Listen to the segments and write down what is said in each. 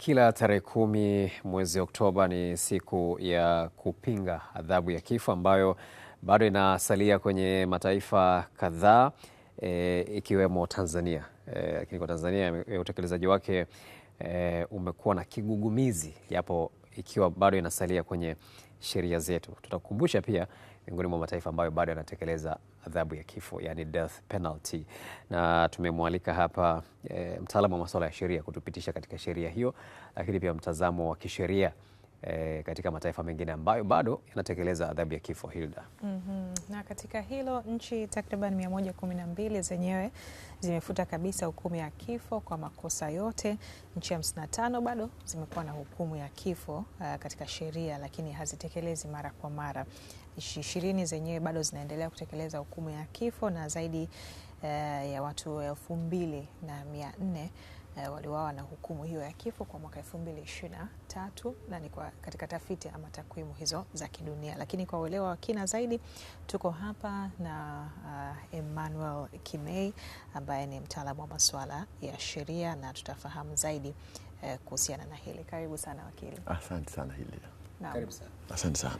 Kila tarehe kumi mwezi Oktoba ni siku ya kupinga adhabu ya kifo ambayo bado inasalia kwenye mataifa kadhaa e, ikiwemo Tanzania. Eh, lakini e, kwa Tanzania e, utekelezaji wake e, umekuwa na kigugumizi, yapo ikiwa bado inasalia kwenye sheria zetu. Tutakukumbusha pia miongoni mwa mataifa ambayo bado yanatekeleza adhabu ya kifo, yani death penalty, na tumemwalika hapa e, mtaalamu wa masuala ya sheria kutupitisha katika sheria hiyo, lakini pia mtazamo wa kisheria E, katika mataifa mengine ambayo bado yanatekeleza adhabu ya kifo Hilda. mm -hmm. Na katika hilo nchi takriban 112 zenyewe zimefuta kabisa hukumu ya kifo kwa makosa yote. Nchi 55 bado zimekuwa na hukumu ya kifo uh, katika sheria lakini hazitekelezi mara kwa mara. ishirini zenyewe bado zinaendelea kutekeleza hukumu ya kifo na zaidi uh, ya watu elfu mbili na mia nne e, waliwawa na hukumu hiyo ya kifo kwa mwaka ishirini na ni kwa katika tafiti ama takwimu hizo za kidunia. Lakini kwa uelewa wa kina zaidi tuko hapa na uh, Emmanuel Kimei ambaye ni mtaalamu wa masuala ya sheria na tutafahamu zaidi eh, kuhusiana na hili. Karibu sana wakili. Asante sana hili. Karibu sana. Asante sana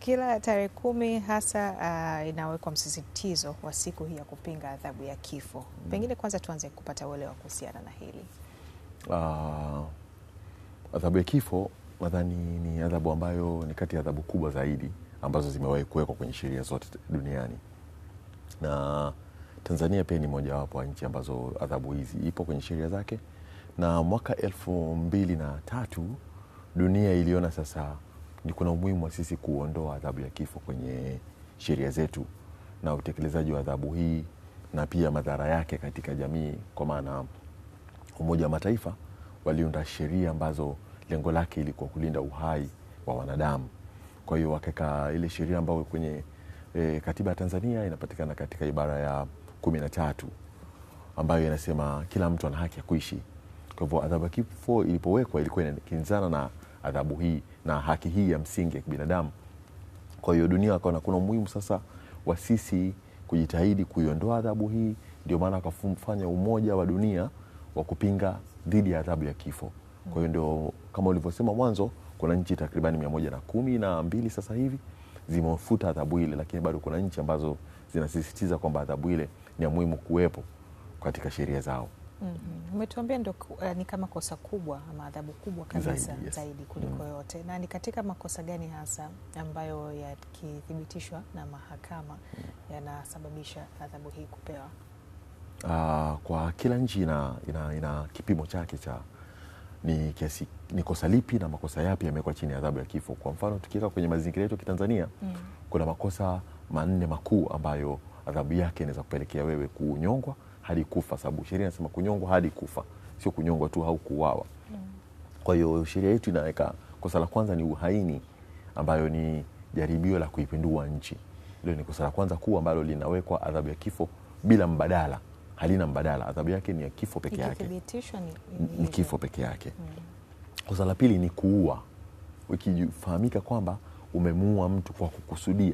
kila tarehe kumi hasa uh, inawekwa msisitizo wa siku hii ya kupinga adhabu ya kifo mm. Pengine kwanza tuanze kupata uelewa kuhusiana na hili uh, adhabu ya kifo nadhani ni adhabu ambayo ni kati ya adhabu kubwa zaidi ambazo zimewahi kuwekwa kwenye sheria zote duniani na Tanzania pia ni mojawapo wa nchi ambazo adhabu hizi ipo kwenye sheria zake, na mwaka elfu mbili na tatu dunia iliona sasa kuna umuhimu wa sisi kuondoa adhabu ya kifo kwenye sheria zetu na utekelezaji wa adhabu hii na pia madhara yake katika jamii, kwa maana Umoja wa Mataifa waliunda sheria ambazo lengo lake ilikuwa kulinda uhai wa wanadamu. Kwa hiyo wakaweka ile sheria ambayo kwenye e, katiba ya Tanzania inapatikana katika ibara ya kumi na tatu ambayo inasema kila mtu ana haki ya kuishi. Kwa hivyo adhabu ya kifo ilipowekwa ilikuwa inakinzana na adhabu hii na haki hii ya msingi ya kibinadamu. Kwa hiyo dunia akaona kuna umuhimu sasa wa sisi kujitahidi kuiondoa adhabu hii, ndio maana akafanya umoja wa dunia wa kupinga dhidi ya adhabu ya kifo. Kwa hiyo ndio kama ulivyosema mwanzo, kuna nchi takribani mia moja na kumi na mbili sasa hivi zimefuta adhabu ile, lakini bado kuna nchi ambazo zinasisitiza kwamba adhabu ile ni ya muhimu kuwepo katika sheria zao. Mm-hmm. Umetuambia mm -hmm. Ndo uh, ni kama kosa kubwa ama adhabu kubwa kabisa zaidi, yes. zaidi kuliko mm -hmm. yote. Na ni katika makosa gani hasa ambayo yakithibitishwa na mahakama mm -hmm. yanasababisha adhabu hii kupewa? Uh, kwa kila nchi ina, ina, ina kipimo chake cha ni, kiasi, ni kosa lipi na makosa yapi yamewekwa chini ya adhabu ya kifo. Kwa mfano tukiweka kwenye mazingira yetu ya Kitanzania mm -hmm. kuna makosa manne makuu ambayo adhabu yake inaweza kupelekea wewe kunyongwa hadi kufa, sababu sheria inasema kunyongwa hadi kufa, sio kunyongwa tu au kuuawa. Kwa hiyo sheria yetu inaweka kosa la kwanza ni uhaini, ambayo ni jaribio la kuipindua nchi. Hilo ni kosa la kwanza kuu ambalo linawekwa adhabu ya kifo bila mbadala, halina mbadala. Adhabu yake ni ya kifo peke yake, ni kifo peke yake. Hmm. Kosa la pili ni kuua, ukifahamika kwamba umemuua mtu kwa kukusudia,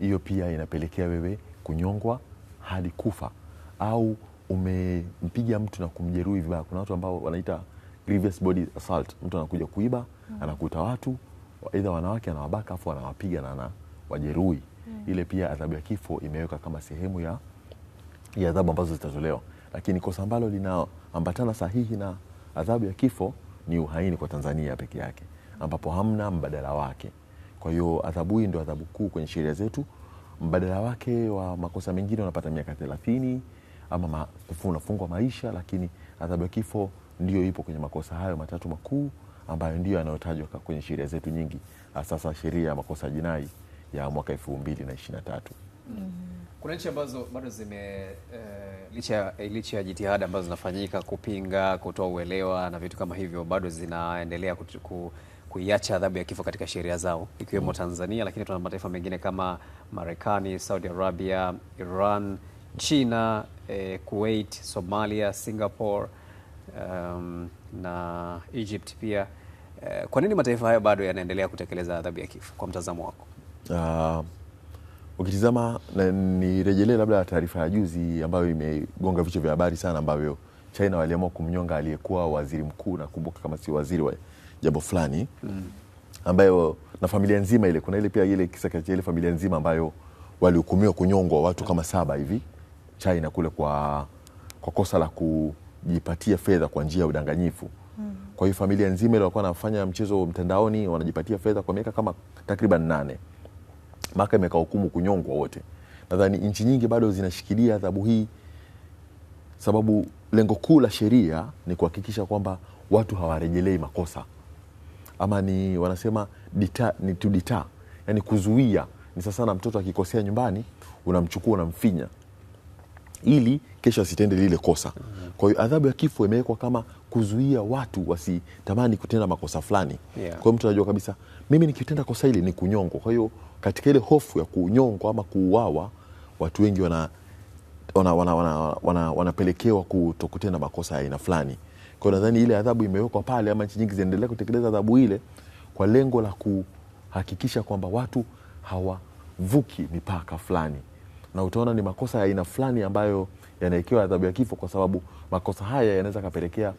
hiyo pia inapelekea wewe kunyongwa hadi kufa au umempiga mtu na kumjeruhi vibaya. Kuna watu ambao wanaita grievous body assault, mtu anakuja kuiba mm. anakuta watu aidha wanawake anawabaka afu anawapiga na anawajeruhi mm. ile pia adhabu ya kifo imeweka kama sehemu ya ya adhabu ambazo zitatolewa, lakini kosa ambalo linaambatana sahihi na adhabu ya kifo ni uhaini kwa Tanzania peke yake, ambapo hamna mbadala wake. Kwa hiyo adhabu hii ndio adhabu kuu kwenye sheria zetu. Mbadala wake wa makosa mengine unapata miaka thelathini ama unafungwa maisha, lakini adhabu ya kifo ndiyo ipo kwenye makosa hayo matatu makuu ambayo ndiyo yanayotajwa kwenye sheria zetu nyingi, sasa sheria ya makosa ya jinai ya mwaka elfu mbili na ishirini na tatu. Mm-hmm. Kuna nchi ambazo bado zime uh, licha, eh, licha ya jitihada ambazo zinafanyika kupinga, kutoa uelewa na vitu kama hivyo, bado zinaendelea ku, kuiacha adhabu ya kifo katika sheria zao ikiwemo mm. Tanzania, lakini tuna mataifa mengine kama Marekani, Saudi Arabia, Iran China eh, Kuwait, Somalia, Singapore um, na Egypt pia eh, kwa nini mataifa hayo bado yanaendelea kutekeleza adhabu ya kifo kwa mtazamo wako? Uh, ukitizama nirejelee labda taarifa ya juzi ambayo imegonga vichwa vya habari sana, ambavyo China waliamua kumnyonga aliyekuwa waziri mkuu, nakumbuka kama si waziri wa jambo fulani mm, ambayo na familia nzima ile, kuna ile pia ile kisa ile familia nzima ambayo walihukumiwa kunyongwa watu kama saba hivi China kule kwa, kwa kosa la kujipatia fedha kwa njia ya udanganyifu mm. Kwa hiyo familia nzima ile walikuwa wanafanya mchezo mtandaoni wanajipatia fedha kwa miaka kama takriban nane. Mahakama hukumu kunyongwa wote. Nadhani nchi nyingi bado zinashikilia adhabu hii, sababu lengo kuu la sheria ni kuhakikisha kwamba watu hawarejelei makosa ama ni wanasema dita, ni tudita, yani kuzuia. Ni sasa na mtoto akikosea nyumbani unamchukua unamfinya ili kesho asitende lile kosa. Kwa hiyo adhabu ya kifo imewekwa kama kuzuia watu wasitamani kutenda makosa fulani. Yeah. Kwa hiyo mtu anajua kabisa mimi nikitenda kosa hili ni kunyongwa. Kwa hiyo katika ile hofu ya kunyongwa ama kuuawa, watu wengi wana wanapelekewa wana, wana, wana, wana kutokutenda makosa ya aina fulani. kwao nadhani ile adhabu imewekwa pale, ama nchi nyingi zinaendelea kutekeleza adhabu ile kwa lengo la kuhakikisha kwamba watu hawavuki mipaka fulani na utaona ni makosa ya aina fulani ambayo yanawekewa adhabu ya kifo, kwa sababu makosa haya yanaweza kapelekea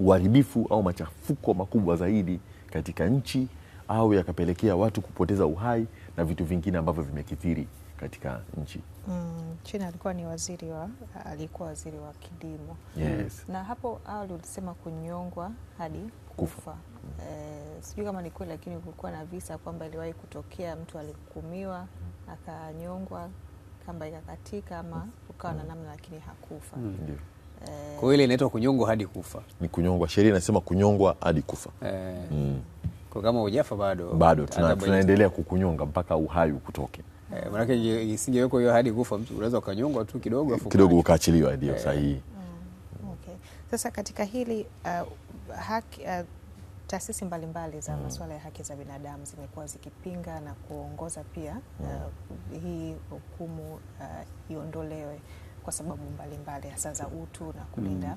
uharibifu au machafuko makubwa zaidi katika nchi au yakapelekea watu kupoteza uhai na vitu vingine ambavyo vimekithiri katika nchi. Mm, China alikuwa ni waziri wa alikuwa waziri wa kilimo. Yes. Na hapo awali ulisema kunyongwa hadi kufa, kufa. Mm. Eh, sijui kama ni kweli, lakini kulikuwa na visa kwamba iliwahi kutokea mtu alihukumiwa akanyongwa kamba ikakatika ama ukawa na namna, lakini hakufa mm. eh, Kwa ile inaitwa kunyongwa hadi kufa, ni kunyongwa. Sheria inasema kunyongwa hadi kufa eh. Mm. Kwa kama hujafa bado bado tunaendelea kukunyonga mpaka uhai ukutoke eh, manake isingewekwa hiyo hadi kufa, mtu unaweza ukanyongwa tu kidogo afu kidogo ukaachiliwa, ndio eh. Sahihi. Mm, Sasa katika hili uh, haki, uh, taasisi mbalimbali za mm. masuala ya haki za binadamu zimekuwa zikipinga na kuongoza pia uh, hii hukumu uh, iondolewe kwa sababu mbalimbali hasa za utu na kulinda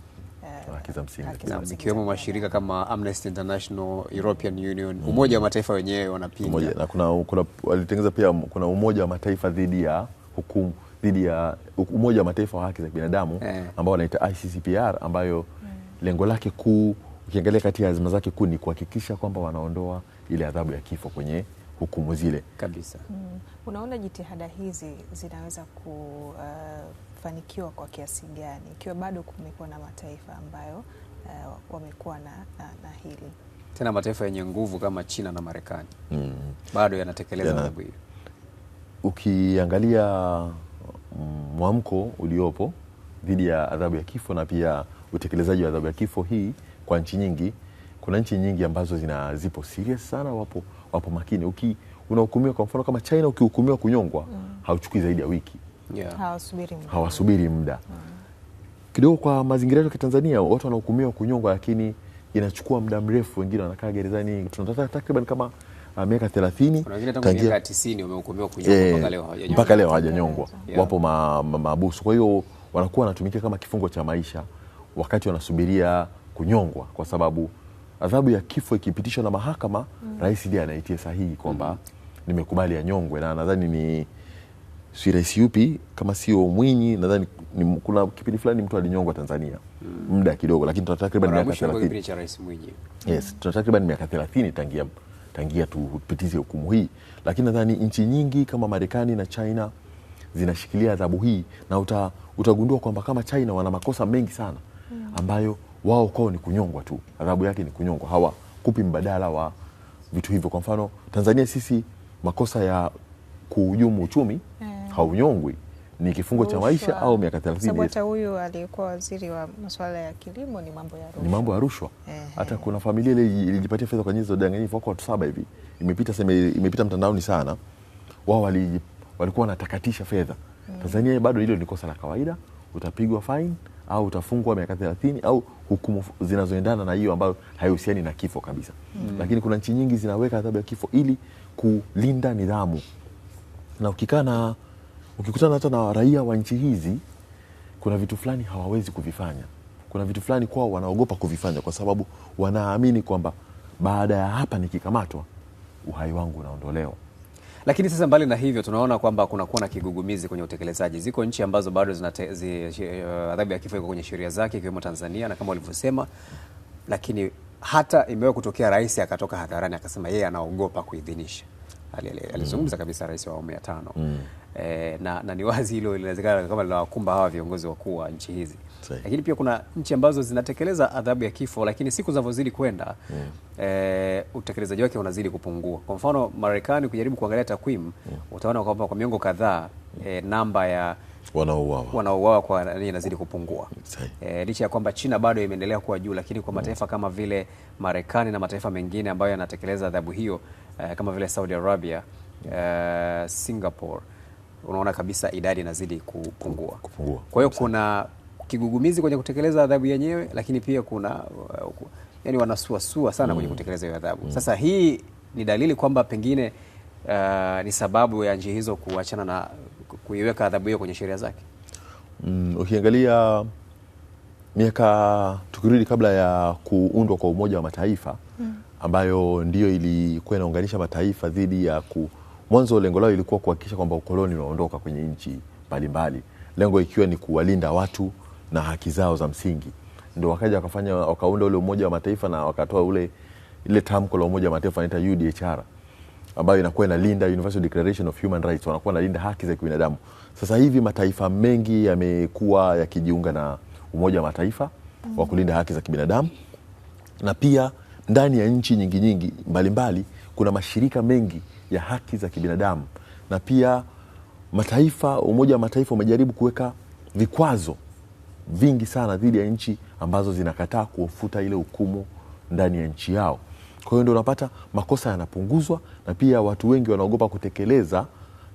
mm. eh, ikiwemo mashirika kama Amnesty International, European Union, Umoja wa Mataifa wenyewe wanapinga kuna, kuna, walitengeneza pia kuna Umoja wa Mataifa dhidi ya hukumu dhidi ya Umoja wa Mataifa wa haki za binadamu eh, ambao wanaita ICCPR ambayo mm, lengo lake kuu ukiangalia kati ya azima zake kuu ni kuhakikisha kwamba wanaondoa ile adhabu ya kifo kwenye hukumu zile kabisa. Mm. Unaona jitihada hizi zinaweza kufanikiwa kwa kiasi gani ikiwa bado kumekuwa na mataifa ambayo uh, wamekuwa na, na, na hili tena mataifa yenye nguvu kama China na Marekani mm. bado yanatekeleza adhabu hiyo. Ukiangalia mm, mwamko uliopo dhidi ya adhabu ya kifo na pia utekelezaji wa adhabu ya kifo hii kwa nchi nyingi, kuna nchi nyingi ambazo zina zipo serious sana, wapo, wapo makini. Uki unahukumiwa kwa mfano kama China, ukihukumiwa kunyongwa mm. hauchukui zaidi ya wiki yeah. hawasubiri muda, hawasubiri muda. Mm. kidogo kwa mazingira yetu ya Tanzania watu wanahukumiwa kunyongwa, lakini inachukua muda mrefu, wengine wanakaa gerezani tunataka takriban kama uh, miaka 30 tangia 90 wamehukumiwa kunyongwa eh, mpaka leo hawajanyongwa, mpaka leo hawajanyongwa yeah. wapo mabusu ma, ma, kwa hiyo wanakuwa wanatumikia kama kifungo cha maisha wakati wanasubiria kunyongwa, kwa sababu adhabu ya kifo ikipitishwa na mahakama mm. rais ndiye anaitia sahihi kwamba mm. nimekubali anyongwe, na nadhani ni si rais yupi kama sio Mwinyi, nadhani kuna kipindi fulani mtu alinyongwa Tanzania mm. muda kidogo, lakini tuna takriban miaka 30 yes, tuna takriban miaka 30 tangia tangia tupitize hukumu hii, lakini nadhani nchi nyingi kama Marekani na China zinashikilia adhabu hii na uta, utagundua kwamba kama China wana makosa mengi sana mm. ambayo wao kwao ni kunyongwa tu, adhabu yake ni kunyongwa. Hawakupi mbadala wa vitu hivyo. Kwa mfano Tanzania sisi makosa ya kuhujumu uchumi hmm, haunyongwi ni kifungo cha maisha au miaka thelathini. Hata huyu aliyekuwa waziri wa masuala ya kilimo ni mambo ya rushwa, ni mambo ya rushwa. Eh. Hata kuna familia ile ilijipatia fedha kwa njia za udanganyifu, wako watu saba hivi, imepita sema imepita mtandaoni sana. Wao walikuwa wanatakatisha fedha mm. Tanzania bado hilo ni kosa la kawaida, utapigwa fine au utafungwa miaka thelathini au hukumu zinazoendana na hiyo ambayo haihusiani na kifo kabisa mm. Lakini kuna nchi nyingi zinaweka adhabu ya kifo ili kulinda nidhamu, na ukikaa na ukikutana hata na raia wa nchi hizi, kuna vitu fulani hawawezi kuvifanya, kuna vitu fulani kwao wanaogopa kuvifanya kwa sababu wanaamini kwamba baada ya hapa nikikamatwa uhai wangu unaondolewa. Lakini sasa mbali na hivyo, tunaona kwamba kunakuwa na kigugumizi kwenye utekelezaji. Ziko nchi ambazo bado zina eh, adhabu ya kifo iko kwenye sheria zake ikiwemo Tanzania na kama walivyosema, lakini hata imewahi kutokea rais akatoka hadharani akasema yeye anaogopa kuidhinisha. Alizungumza mm. kabisa rais wa awamu ya tano. Mm. E, na, na ni wazi hilo linawezekana kama linawakumba hawa viongozi wakuu wa nchi hizi. Lakini pia kuna nchi ambazo zinatekeleza adhabu ya kifo, lakini siku zinavyozidi kwenda yeah. Hmm. e, utekelezaji wake unazidi kupungua. Kwa mfano Marekani, ukijaribu kuangalia takwimu yeah. Hmm. utaona kwamba kwa miongo kadhaa mm. e, namba ya wanaouawa wanaouawa kwa nini inazidi kupungua e, licha ya kwamba China bado imeendelea kuwa juu, lakini kwa hmm. mataifa mm. kama vile Marekani na mataifa mengine ambayo yanatekeleza adhabu hiyo e, kama vile Saudi Arabia e, Singapore unaona kabisa idadi inazidi kupungua. Kupungua. Kwa hiyo kuna kigugumizi kwenye kutekeleza adhabu yenyewe, lakini pia kuna yani wanasuasua sana mm. kwenye kutekeleza hiyo adhabu mm. Sasa hii ni dalili kwamba pengine uh, ni sababu ya nchi hizo kuachana na kuiweka adhabu hiyo kwenye sheria zake mm, ukiangalia miaka tukirudi kabla ya kuundwa kwa Umoja wa Mataifa mm. ambayo ndiyo ilikuwa inaunganisha mataifa dhidi ya ku mwanzo, lengo lao ilikuwa kuhakikisha kwamba ukoloni unaondoka kwenye nchi mbalimbali, lengo ikiwa ni kuwalinda watu na haki zao za msingi, ndo wakaja wakafanya wakaunda ule Umoja wa Mataifa na wakatoa ule ile tamko la Umoja wa Mataifa anaita UDHR ambayo inakuwa inalinda Universal Declaration of Human Rights, wanakuwa nalinda haki za kibinadamu. Sasa hivi mataifa mengi yamekuwa yakijiunga na Umoja wa Mataifa wa kulinda haki za kibinadamu, na pia ndani ya nchi nyingi nyingi mbalimbali mbali, kuna mashirika mengi ya haki za kibinadamu, na pia mataifa, Umoja wa Mataifa umejaribu kuweka vikwazo vingi sana dhidi ya nchi ambazo zinakataa kufuta ile hukumu ndani ya nchi yao. Kwa hiyo ndio unapata makosa yanapunguzwa, na pia watu wengi wanaogopa kutekeleza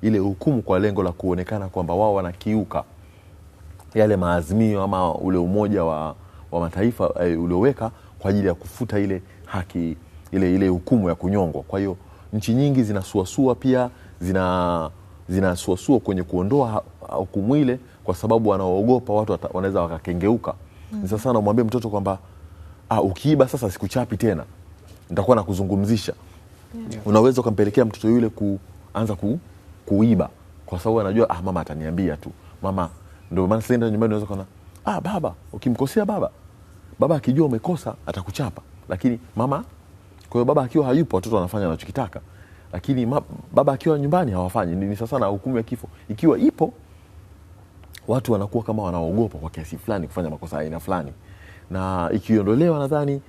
ile hukumu kwa lengo la kuonekana kwamba wao wanakiuka yale maazimio ama ule umoja wa, wa mataifa e, ulioweka kwa ajili ya kufuta ile haki ile, ile hukumu ya kunyongwa. Kwa hiyo nchi nyingi zinasuasua pia zina zinasuasua kwenye kuondoa hukumu ile kwa sababu wanaogopa watu wanaweza wakakengeuka. mm. sasa namwambia mtoto kwamba ah, ukiiba sasa sikuchapi tena, nitakuwa nakuzungumzisha. yeah. Unaweza ukampelekea mtoto yule kuanza ku, kuiba kwa sababu anajua ah, mama ataniambia tu mama. Ndio maana nyumbani unaweza kuona ah, baba ukimkosea baba, baba akijua umekosa atakuchapa, lakini mama. Kwa hiyo baba akiwa hayupo watoto wanafanya wanachokitaka, lakini ma, baba akiwa nyumbani hawafanyi. Ni sasana hukumu ya kifo ikiwa ipo watu wanakuwa kama wanaogopa kwa kiasi fulani kufanya makosa aina fulani, na ikiondolewa, nadhani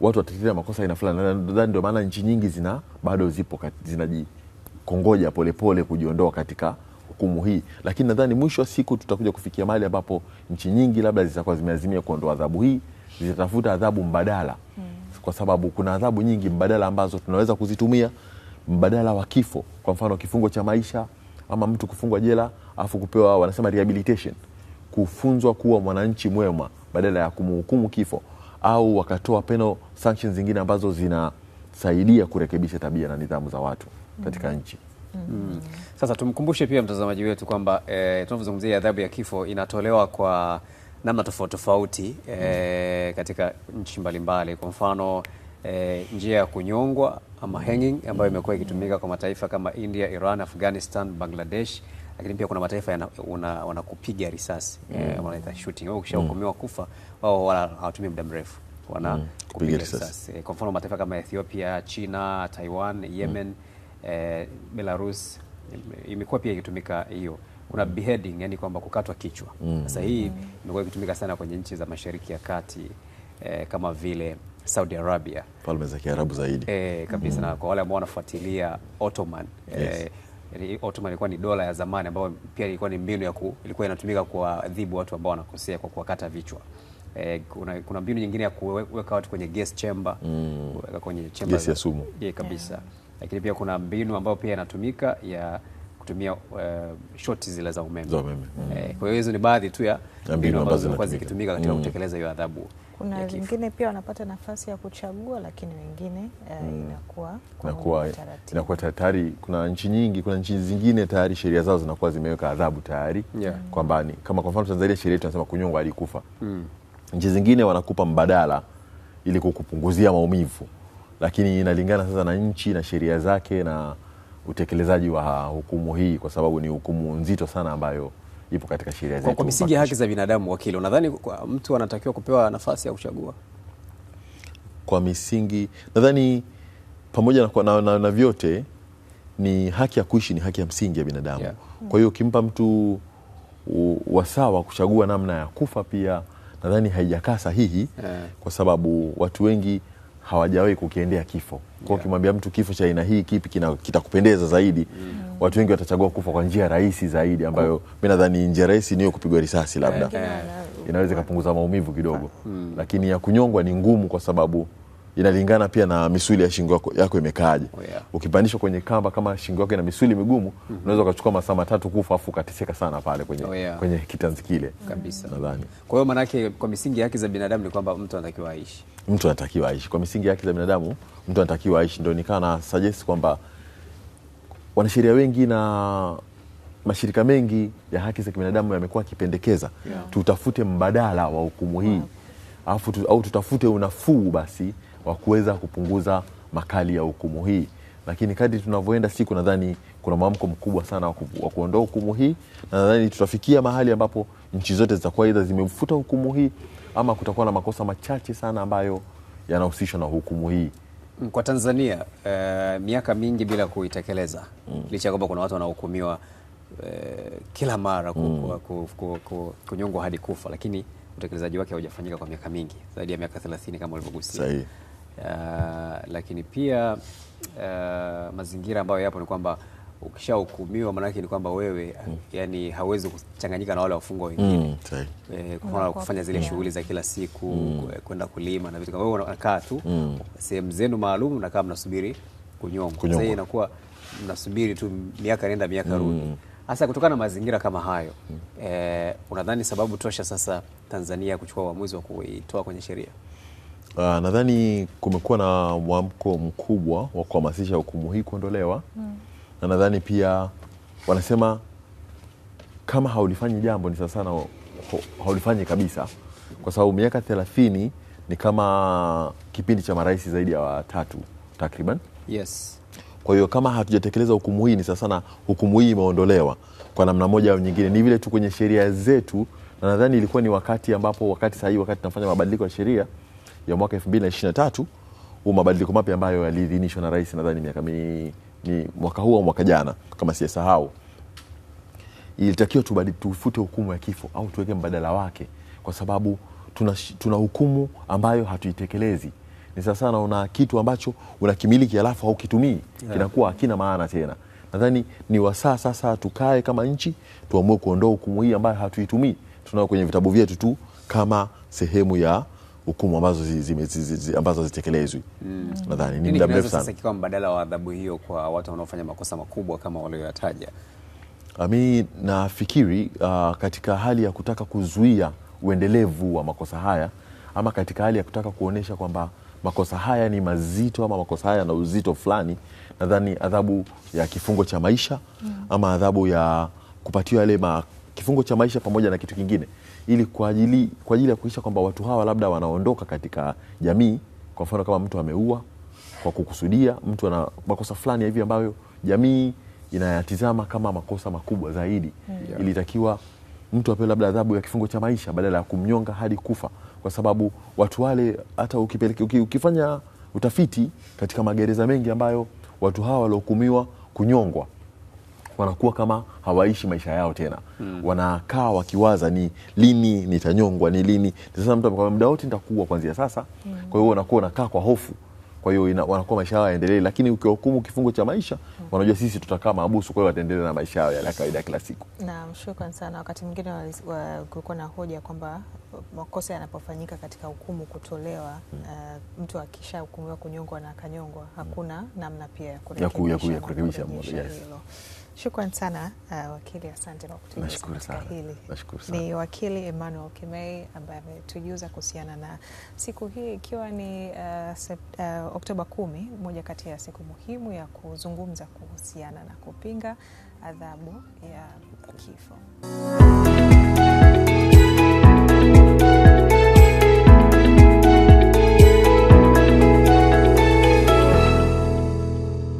watu watatetea makosa aina fulani. Nadhani ndio maana nchi nyingi zina bado zipo zinajikongoja polepole kujiondoa katika hukumu hii, lakini nadhani mwisho wa siku tutakuja kufikia mahali ambapo nchi nyingi labda zitakuwa zimeazimia kuondoa adhabu hii, zitatafuta adhabu mbadala hmm. kwa sababu kuna adhabu nyingi mbadala ambazo tunaweza kuzitumia mbadala wa kifo, kwa mfano kifungo cha maisha ama mtu kufungwa jela afu kupewa wanasema rehabilitation, kufunzwa kuwa mwananchi mwema badala ya kumhukumu kifo, au wakatoa penal sanctions zingine ambazo zinasaidia kurekebisha tabia na nidhamu za watu katika mm. nchi. Mm. Sasa tumkumbushe pia mtazamaji wetu kwamba e, eh, tunapozungumzia adhabu ya kifo inatolewa kwa namna tofauti tofauti e, katika nchi mbalimbali. Kwa mfano e, njia ya kunyongwa ama hanging ambayo imekuwa ikitumika kwa mataifa kama India, Iran, Afghanistan, Bangladesh lakini pia kuna mataifa wanakupiga risasi mm. Eh, wanaita shooting. Wewe ukishahukumiwa mm. kufa, wao wala hawatumii muda mrefu wana mm. kupiga risasi. Eh, kwa mfano mataifa kama Ethiopia, China, Taiwan, mm. Yemen mm. eh, Belarus eh, imekuwa pia ikitumika hiyo kuna mm. beheading, yani kwamba kukatwa kichwa mm. sasa. hii imekuwa mm. ikitumika sana kwenye nchi za Mashariki ya Kati eh, kama vile Saudi Arabia, falme za Kiarabu zaidi eh, kabisa mm. na kwa wale ambao wanafuatilia Ottoman yes. eh, Ottoman ilikuwa ni dola ya zamani ambayo pia ilikuwa ni mbinu ya ku, ilikuwa inatumika kuadhibu watu ambao wanakosea kwa kuwakata vichwa. E, kuna, kuna mbinu nyingine ya kuweka watu kwenye gas chamber, mm. kuweka kwenye chamber ya sumu. Je, kabisa. Yeah. Lakini pia kuna mbinu ambayo pia inatumika ya kutumia uh, shoti zile za umeme. Za umeme. Mm. E, kwa hiyo hizo ni baadhi tu ya mbinu ambazo zilikuwa zikitumika katika mm. kutekeleza hiyo adhabu kuna wengine pia wanapata nafasi ya kuchagua, lakini wengine uh, eh, mm. inakuwa inakuwa tayari. Kuna nchi nyingi, kuna nchi zingine tayari sheria zao zinakuwa zimeweka adhabu tayari yeah. Hmm. kwamba kama kwa mfano Tanzania sheria tunasema kunyongwa alikufa mm. nchi zingine wanakupa mbadala ili kukupunguzia maumivu, lakini inalingana sasa na nchi na sheria zake na utekelezaji wa hukumu hii, kwa sababu ni hukumu nzito sana ambayo ipo katika sheria zetu. Kwa misingi ya haki za binadamu, wakili, unadhani mtu anatakiwa kupewa nafasi ya kuchagua kwa misingi? Nadhani pamoja na, na, na, na vyote ni haki ya kuishi, ni haki ya msingi ya binadamu yeah. Kwa hiyo ukimpa mtu wasawa kuchagua namna ya kufa pia nadhani haijakaa sahihi yeah. Kwa sababu watu wengi hawajawahi kukiendea kifo kwa yeah. Ukimwambia mtu kifo cha aina hii kipi kitakupendeza zaidi mm watu wengi watachagua kufa kwa njia rahisi zaidi, ambayo oh. mi nadhani njia rahisi niyo kupigwa risasi, labda inaweza ikapunguza maumivu kidogo, ah. hmm. lakini ya kunyongwa ni ngumu, kwa sababu inalingana pia na misuli ya shingo yako, yako imekaaje. Oh, yeah. Ukipandishwa kwenye kamba kama shingo yako ina misuli migumu mm -hmm. Unaweza ukachukua masaa matatu kufa afu ukateseka sana pale kwenye, oh, yeah. kwenye kitanzi kile nadhani. Kwa hiyo maanake kwa misingi yake za binadamu ni kwamba mtu anatakiwa aishi, mtu anatakiwa aishi kwa misingi yake za binadamu, mtu anatakiwa aishi, ndo nikawa na kwamba wanasheria wengi na mashirika mengi ya haki za kibinadamu yamekuwa akipendekeza yeah. tutafute mbadala wa hukumu hii yeah. tu, au tutafute unafuu basi wa kuweza kupunguza makali ya hukumu hii, lakini kadri tunavyoenda siku, nadhani kuna mwamko mkubwa sana wa kuondoa hukumu hii, na nadhani tutafikia mahali ambapo nchi zote zitakuwa aidha zimefuta hukumu hii ama kutakuwa na makosa machache sana ambayo yanahusishwa na hukumu hii. Mm, kwa Tanzania uh, miaka mingi bila kuitekeleza mm. licha ya kwamba kuna watu wanahukumiwa uh, eh, kila mara mm. kunyongwa hadi kufa, lakini utekelezaji wake haujafanyika kwa miaka mingi zaidi ya miaka 30 kama ulivyogusia. Sahihi. Uh, lakini pia uh, mazingira ambayo yapo ni kwamba ukishahukumiwa maanake ni kwamba wewe mm. yani hawezi kuchanganyika na wale wafungwa wengine mm, e, kufanya zile yeah. shughuli za kila siku mm. Eh, kwenda kulima na vitu kama wewe unakaa tu mm. sehemu zenu maalum nakaa mnasubiri kunyongwa. Sasa inakuwa mnasubiri tu miaka nenda miaka mm. rudi hasa kutokana na mazingira kama hayo mm. E, unadhani sababu tosha sasa Tanzania kuchukua uamuzi wa kuitoa kwenye sheria? Uh, nadhani kumekuwa na mwamko mkubwa wa kuhamasisha hukumu hii kuondolewa mm na nadhani pia wanasema kama haulifanyi jambo ni sasana haulifanyi kabisa, kwa sababu miaka thelathini ni kama kipindi cha marahisi zaidi ya watatu takriban. Yes. Kwa hiyo kama hatujatekeleza hukumu hii, ni sasana hukumu hii imeondolewa kwa namna moja au nyingine, ni vile tu kwenye sheria zetu, na nadhani ilikuwa ni wakati ambapo wakati sahii wakati tunafanya mabadiliko ya sheria ya mwaka elfubili na na ishiri tatu huu mabadiliko mapya ambayo yaliidhinishwa na rais nadhani miaka ni mwaka huu au mwaka jana kama siyasahau, ilitakiwa tufute hukumu ya kifo au tuweke mbadala wake, kwa sababu tuna, tuna hukumu ambayo hatuitekelezi. Ni sasa una kitu ambacho unakimiliki alafu haukitumii kinakuwa hakina maana tena. Nadhani ni wasaa sasa tukae kama nchi tuamue kuondoa hukumu hii ambayo hatuitumii, tunao kwenye vitabu vyetu tu kama sehemu ya hukumu ambazo ambazo hazitekelezwi. mm. Nadhani ni muda mrefu sana. Sasa mbadala wa adhabu hiyo kwa watu wanaofanya makosa makubwa kama walioyataja. Ah, mi nafikiri uh, katika hali ya kutaka kuzuia uendelevu wa makosa haya ama katika hali ya kutaka kuonyesha kwamba makosa haya ni mazito ama makosa haya na uzito fulani, nadhani adhabu ya kifungo cha maisha mm. ama adhabu ya kupatiwa yale kifungo cha maisha pamoja na kitu kingine, ili kwa ajili kwa ajili ya kuisha kwamba watu hawa labda wanaondoka katika jamii. Kwa mfano kama mtu ameua kwa kukusudia, mtu ana makosa fulani hivi ambayo jamii inayatizama kama makosa makubwa zaidi yeah. Mm. Ilitakiwa mtu apewe labda adhabu ya kifungo cha maisha badala ya kumnyonga hadi kufa, kwa sababu watu wale hata ukipeleke, ukifanya utafiti katika magereza mengi ambayo watu hawa walohukumiwa kunyongwa wanakuwa kama hawaishi maisha yao tena mm. Wanakaa wakiwaza ni lini nitanyongwa, ni lini sasa. Mtu amekwambia muda wote nitakuwa kwanzia sasa mm. Kwa hiyo wanakuwa wanakaa kwa hofu, kwa hiyo wanakuwa maisha yao yaendelee, lakini ukiwahukumu kifungo cha maisha mm. Wanajua sisi tutakaa maabusu, kwa hiyo wataendelea na maisha yao yale ya kawaida kila siku. nam shukran sana. Wakati mwingine kulikuwa na hoja kwamba makosa yanapofanyika katika hukumu kutolewa mm. Uh, mtu akishahukumiwa kunyongwa na akanyongwa mm. hakuna namna pia ya kurekebisha hilo. Shukran sana uh, wakili, asante kwa kutujuza hili. Ni wakili Emmanuel Kimei ambaye ametujuza kuhusiana na siku hii ikiwa ni uh, uh, Oktoba kumi, moja kati ya siku muhimu ya kuzungumza kuhusiana na kupinga adhabu ya kifo.